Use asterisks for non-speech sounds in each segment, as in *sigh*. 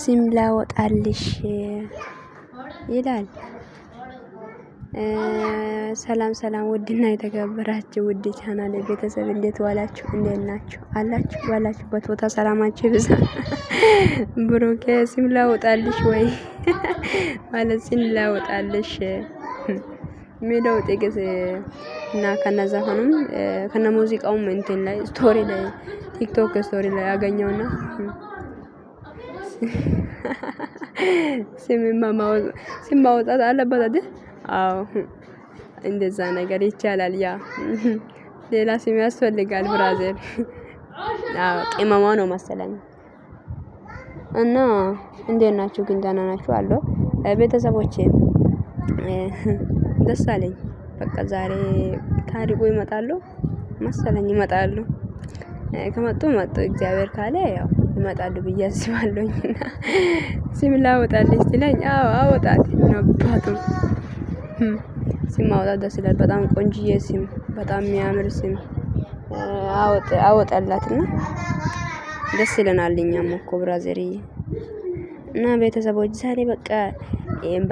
ሲም ላወጣልሽ ይላል። ሰላም ሰላም፣ ውድና የተከበራችሁ ውድ ቻናል ቤተሰብ እንዴት ዋላችሁ? እንዴት ናችሁ? አላችሁ ባላችሁበት ቦታ ሰላማችሁ ይብዛ። ብሩኬ ሲም ላወጣልሽ ወይ ማለት ሲም ላወጣልሽ ሚለው ጥቅስ እና ከነዛ ሆኖም ከነ ሙዚቃውም እንትን ላይ ስቶሪ ላይ ቲክቶክ ስቶሪ ላይ አገኘውና *laughs* ስም ማውጣት አለባት አይደል? አዎ እንደዛ ነገር ይቻላል። ያ ሌላ ስም ያስፈልጋል። ብራዘር አዎ ነው መሰለኝ። እና እንዴት ናችሁ ግን? ደህና ናችሁ አለው ቤተሰቦቼ ደስ አለኝ። በቃ ዛሬ ታሪኩ ይመጣሉ መሰለኝ ይመጣሉ። ከመጡ መጡ፣ እግዚአብሔር ካለ ያው ይመጣሉ ብዬ አስባለሁኝ። እና ስም ላወጣልሽ ሲለኝ አዎ አወጣት ነባቱ ስም ማውጣት ደስ ይላል። በጣም ቆንጅዬ ስም፣ በጣም የሚያምር ስም አወጣላትና ደስ ይለናል። እኛም እኮ ብራዘርዬ እና ቤተሰቦች ዛሬ በቃ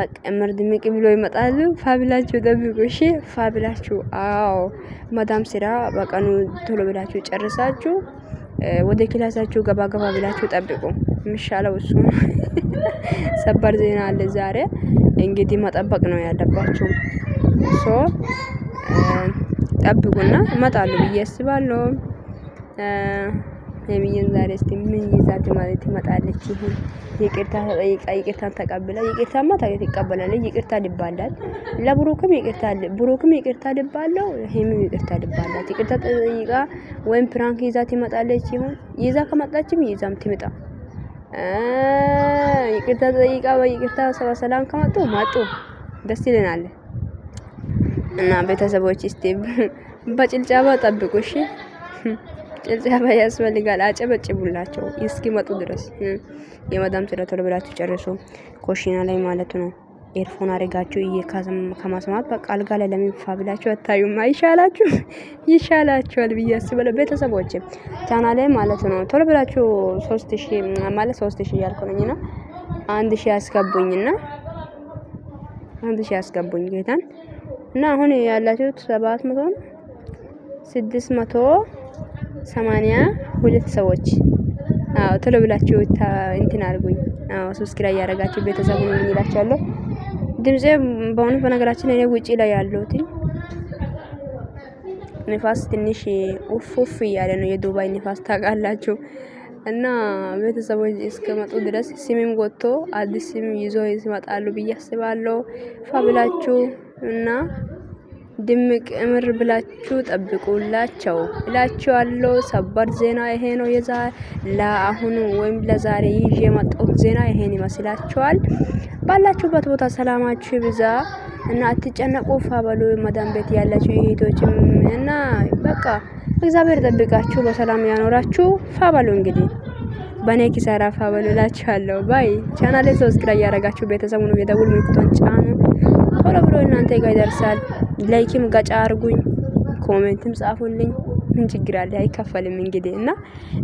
በቃ ምርድ ድምቅ ብሎ ይመጣሉ። ፋብላችሁ ጠብቁ እሺ፣ ፋብላችሁ። አዎ ማዳም ስራ በቀኑ ቶሎ ብላችሁ ጨርሳችሁ ወደ ክላሳችሁ ገባ ገባ ብላችሁ ጠብቁ። የሚሻለው እሱ *laughs* ሰበር ዜና አለ ዛሬ። እንግዲህ መጠበቅ ነው ያለባችሁ። ሶ ጠብቁና እመጣሉ ብዬ አስባለሁ። ሀይሚዬን ዛሬ እስቲ ምን ይዛት ማለት ትመጣለች? ይሁን ይቅርታ ተጠይቃ ይቅርታን ተቀብላ ይቅርታማ ታገት ይቀበላለች። ይቅርታ ልባላት ለብሩክም ይቅርታ ብሩክም ይቅርታ ልባለው ሀይሚም ይቅርታ ልባላት። ይቅርታ ተጠይቃ ወይም ፕራንክ ይዛት ትመጣለች። ይሁን ይዛ ከመጣችም ይዛም ትመጣ ይቅርታ ተጠይቃ ይቅርታ ሰላም ከመጡ መጡ ደስ ይለናል። እና ቤተሰቦች እስቲ በጭልጫባ ጠብቁ እሺ። ጭብጨባ ያስፈልጋል። አጨበጭቡላቸው እስኪመጡ ድረስ። የመዳም ስራ ቶሎ ብላችሁ ጨርሱ። ኮሽና ላይ ማለት ነው። ኤርፎን አድርጋችሁ ከማስማት በቃ አልጋ ላይ ለምን ፋብላችሁ አታዩም? አይሻላችሁ? *laughs* ይሻላችኋል ብዬ አስባለሁ። ቤተሰቦች ቻና ላይ ማለት ነው ቶሎ ብላችሁ ሶስት ሺ ማለት ሶስት ሺ እያልኩ ነኝና አንድ ሺ ያስገቡኝና አንድ ሺ ያስገቡኝ ጌታን እና አሁን ያላችሁት ሰባት መቶ ስድስት መቶ ሰማንያ ሁለት ሰዎች። አዎ ቶሎ ብላችሁ እንትን አድርጉኝ። አዎ ሰብስክራይብ ያደረጋችሁ ቤተሰብ ምን እንላችኋለሁ። ድምጼ በእውነት በነገራችን እኔ ውጪ ላይ ያለሁት ንፋስ ትንሽ ኡፍ ኡፍ እያለ ነው። የዱባይ ንፋስ ታውቃላችሁ። እና ቤተሰቦች እስከመጡ ድረስ ስምም ጎቶ አዲስ ስም ይዞ ይመጣሉ ብዬ አስባለሁ። ፋብላችሁ እና ድምቅ እምር ብላችሁ ጠብቁላቸው እላችኋለሁ። ሰበር ዜና ይሄ ነው። የዛ ለአሁኑ ወይም ለዛሬ ይዤ የመጣሁት ዜና ይሄን ይመስላችኋል። ባላችሁበት ቦታ ሰላማችሁ ብዛ እና አትጨነቁ። ፋበሉ መዳን ቤት ያላችሁ ይሄቶችም እና በቃ እግዚአብሔር ጠብቃችሁ በሰላም ያኖራችሁ። ፋበሉ እንግዲህ በእኔ ኪሳራ ፋበሉ እላችኋለሁ። ባይ ቻናሌ ሰብስክራይብ ያደረጋችሁ ቤተሰቡን የደውል ምልክቱን ጫኑ። ቶሎ ብሎ እናንተ ጋር ይደርሳል። ላይክም ጋጫ አርጉኝ፣ ኮሜንትም ጻፉልኝ። ምን ችግር አለ? አይከፈልም እንግዲህ እና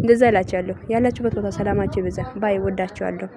እንደዛ እላችኋለሁ። ያላችሁበት ቦታ ሰላማችሁ ይብዛ። ባይ ወዳችኋለሁ።